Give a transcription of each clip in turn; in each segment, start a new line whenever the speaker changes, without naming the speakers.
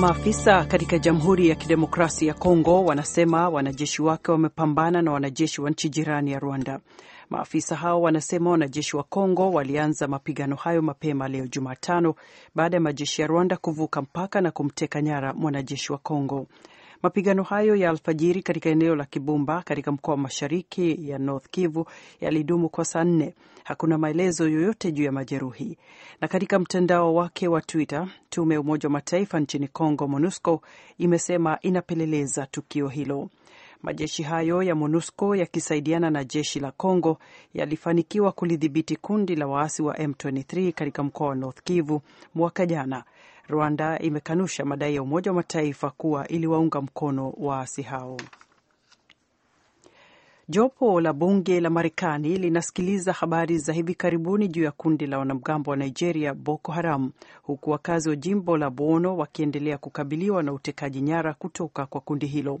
Maafisa katika Jamhuri ya Kidemokrasia ya Kongo wanasema wanajeshi wake wamepambana na wanajeshi wa nchi jirani ya Rwanda. Maafisa hao wanasema wanajeshi wa Kongo walianza mapigano hayo mapema leo Jumatano baada ya majeshi ya Rwanda kuvuka mpaka na kumteka nyara mwanajeshi wa Kongo. Mapigano hayo ya alfajiri katika eneo la Kibumba katika mkoa wa mashariki ya North Kivu yalidumu kwa saa nne. Hakuna maelezo yoyote juu ya majeruhi. Na katika mtandao wake wa Twitter, tume ya Umoja wa Mataifa nchini Congo, MONUSCO, imesema inapeleleza tukio hilo. Majeshi hayo ya MONUSCO yakisaidiana na jeshi la Congo yalifanikiwa kulidhibiti kundi la waasi wa M23 katika mkoa wa North Kivu mwaka jana Rwanda imekanusha madai ya Umoja wa Mataifa kuwa iliwaunga mkono waasi hao. Jopo la bunge la Marekani linasikiliza habari za hivi karibuni juu ya kundi la wanamgambo wa Nigeria, Boko Haram, huku wakazi wa jimbo la Bono wakiendelea kukabiliwa na utekaji nyara kutoka kwa kundi hilo.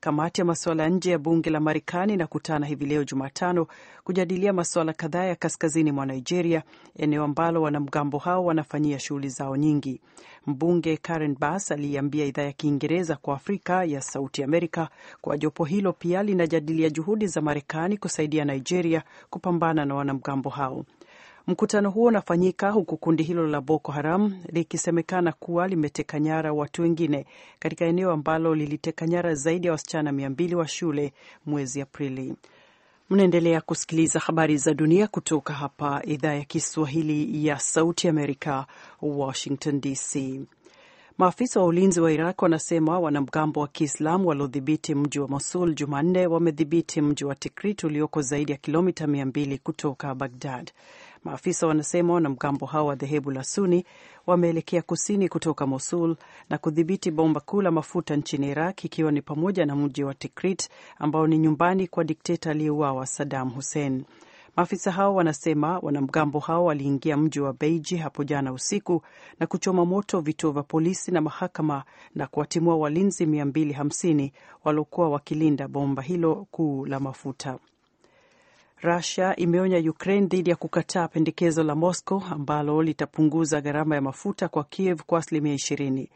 Kamati ya masuala ya nje ya bunge la Marekani inakutana hivi leo Jumatano kujadilia masuala kadhaa ya kaskazini mwa Nigeria, eneo ambalo wanamgambo hao wanafanyia shughuli zao nyingi. Mbunge Karen Bass aliiambia idhaa ya Kiingereza kwa Afrika ya Sauti Amerika kwa jopo hilo pia linajadilia juhudi za Marekani kusaidia Nigeria kupambana na wanamgambo hao. Mkutano huo unafanyika huku kundi hilo la Boko Haram likisemekana kuwa limeteka nyara watu wengine katika eneo ambalo liliteka nyara zaidi ya wasichana mbili wa shule mwezi Aprili. Mnaendelea kusikiliza habari za dunia kutoka hapa idhaa ya Kiswahili ya Sauti Amerika, Washington DC. Maafisa wa ulinzi wa Iraq wanasema wanamgambo wa Kiislamu waliodhibiti mji wa Mosul Jumanne wamedhibiti mji wa Tikrit ulioko zaidi ya kilomita 200 kutoka Bagdad. Maafisa wanasema wanamgambo hao wa dhehebu la Suni wameelekea kusini kutoka Mosul na kudhibiti bomba kuu la mafuta nchini Iraq, ikiwa ni pamoja na mji wa Tikrit ambao ni nyumbani kwa dikteta aliyeuawa Saddam Hussein. Maafisa hao wanasema wanamgambo hao waliingia mji wa Beiji hapo jana usiku na kuchoma moto vituo vya polisi na mahakama na kuwatimua walinzi 250 waliokuwa wakilinda bomba hilo kuu la mafuta rasia imeonya Ukraine dhidi ya kukataa pendekezo la Moscow ambalo litapunguza gharama ya mafuta kwa Kiev kwa asilimia 20.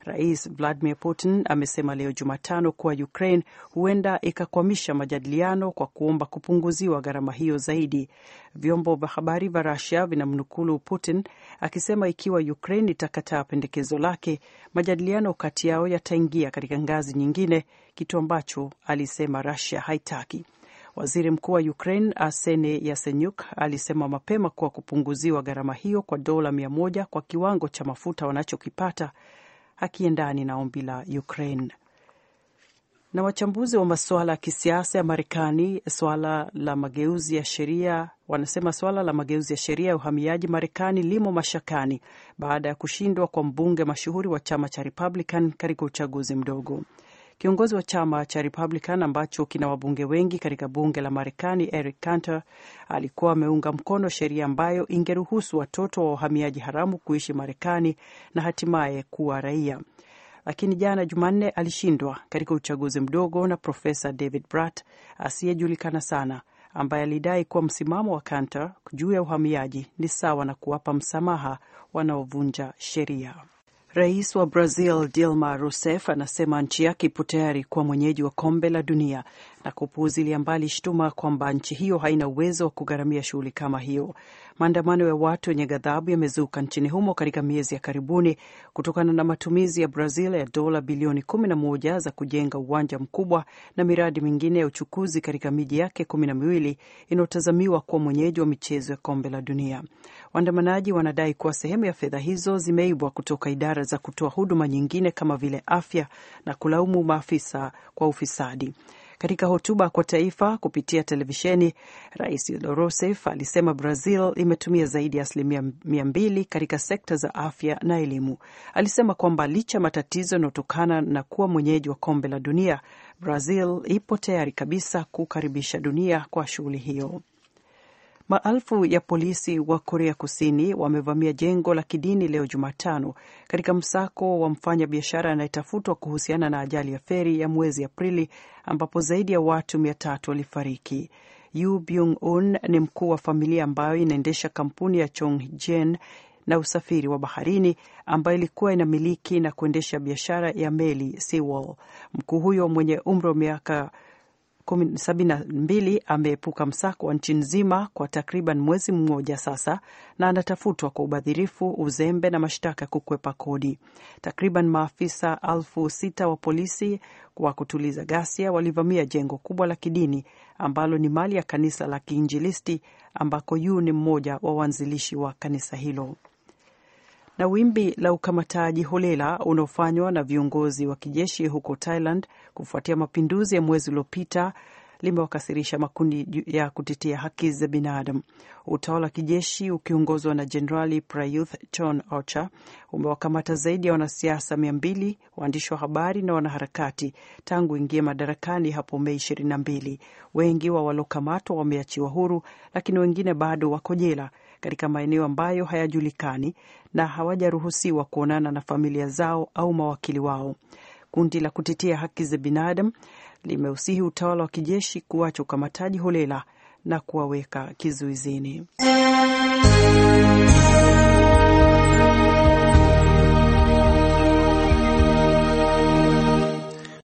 Rais Vladimir Putin amesema leo Jumatano kuwa Ukraine huenda ikakwamisha majadiliano kwa kuomba kupunguziwa gharama hiyo zaidi. Vyombo vya habari vya rasia vinamnukulu Putin akisema ikiwa Ukraine itakataa pendekezo lake, majadiliano kati yao yataingia katika ngazi nyingine, kitu ambacho alisema rasia haitaki. Waziri mkuu wa Ukraine Arsene Yasenyuk alisema mapema kuwa kupunguziwa gharama hiyo kwa dola mia moja kwa kiwango cha mafuta wanachokipata hakiendani na ombi la Ukraine. Na wachambuzi wa masuala ya kisiasa ya Marekani swala la mageuzi ya sheria wanasema swala la mageuzi ya sheria ya uhamiaji Marekani limo mashakani baada ya kushindwa kwa mbunge mashuhuri wa chama cha Republican katika uchaguzi mdogo. Kiongozi wa chama cha Republican ambacho kina wabunge wengi katika bunge la Marekani, Eric Cantor alikuwa ameunga mkono sheria ambayo ingeruhusu watoto wa wahamiaji haramu kuishi Marekani na hatimaye kuwa raia lakini jana Jumanne alishindwa katika uchaguzi mdogo na Profesa David Brat asiyejulikana sana, ambaye alidai kuwa msimamo wa Cantor juu ya uhamiaji ni sawa na kuwapa msamaha wanaovunja sheria. Rais wa Brazil Dilma Rousseff anasema nchi yake ipo tayari kuwa mwenyeji wa kombe la dunia na kupuuzilia mbali shutuma kwamba nchi hiyo haina uwezo wa kugharamia shughuli kama hiyo. Maandamano ya watu wenye ghadhabu yamezuka nchini humo katika miezi ya karibuni kutokana na matumizi ya Brazil ya dola bilioni 11 za kujenga uwanja mkubwa na miradi mingine ya uchukuzi katika miji yake kumi na miwili inayotazamiwa kuwa mwenyeji wa michezo ya kombe la dunia. Waandamanaji wanadai kuwa sehemu ya fedha hizo zimeibwa kutoka idara za kutoa huduma nyingine kama vile afya na kulaumu maafisa kwa ufisadi. Katika hotuba kwa taifa kupitia televisheni, Rais Rousseff alisema Brazil imetumia zaidi ya asilimia mia mbili katika sekta za afya na elimu. Alisema kwamba licha ya matatizo yanayotokana na kuwa mwenyeji wa kombe la dunia, Brazil ipo tayari kabisa kukaribisha dunia kwa shughuli hiyo. Maelfu ya polisi wa Korea Kusini wamevamia jengo la kidini leo Jumatano katika msako wa mfanya biashara anayetafutwa kuhusiana na ajali ya feri ya mwezi Aprili ambapo zaidi ya watu mia tatu walifariki. Yu Byung Un ni mkuu wa familia ambayo inaendesha kampuni ya Chongjen na usafiri wa baharini ambayo ilikuwa inamiliki na kuendesha biashara ya meli Seawall. Mkuu huyo mwenye umri wa miaka 72 ameepuka msako wa nchi nzima kwa takriban mwezi mmoja sasa na anatafutwa kwa ubadhirifu, uzembe na mashtaka ya kukwepa kodi. Takriban maafisa elfu sita wa polisi wa kutuliza ghasia walivamia jengo kubwa la kidini ambalo ni mali ya kanisa la Kiinjilisti ambako yu ni mmoja wa waanzilishi wa kanisa hilo na wimbi la ukamataji holela unaofanywa na viongozi wa kijeshi huko Thailand kufuatia mapinduzi ya mwezi uliopita limewakasirisha makundi ya kutetea haki za binadamu. Utawala wa kijeshi ukiongozwa na Jenerali Prayuth Chan Ocha umewakamata zaidi ya wanasiasa mia mbili, waandishi wa habari na wanaharakati tangu ingie madarakani hapo Mei ishirini na mbili. Wengi wa waliokamatwa wameachiwa huru, lakini wengine bado wako jela katika maeneo ambayo hayajulikani na hawajaruhusiwa kuonana na familia zao au mawakili wao. Kundi la kutetea haki za binadamu limeusihi utawala wa kijeshi kuacha ukamataji holela na kuwaweka kizuizini.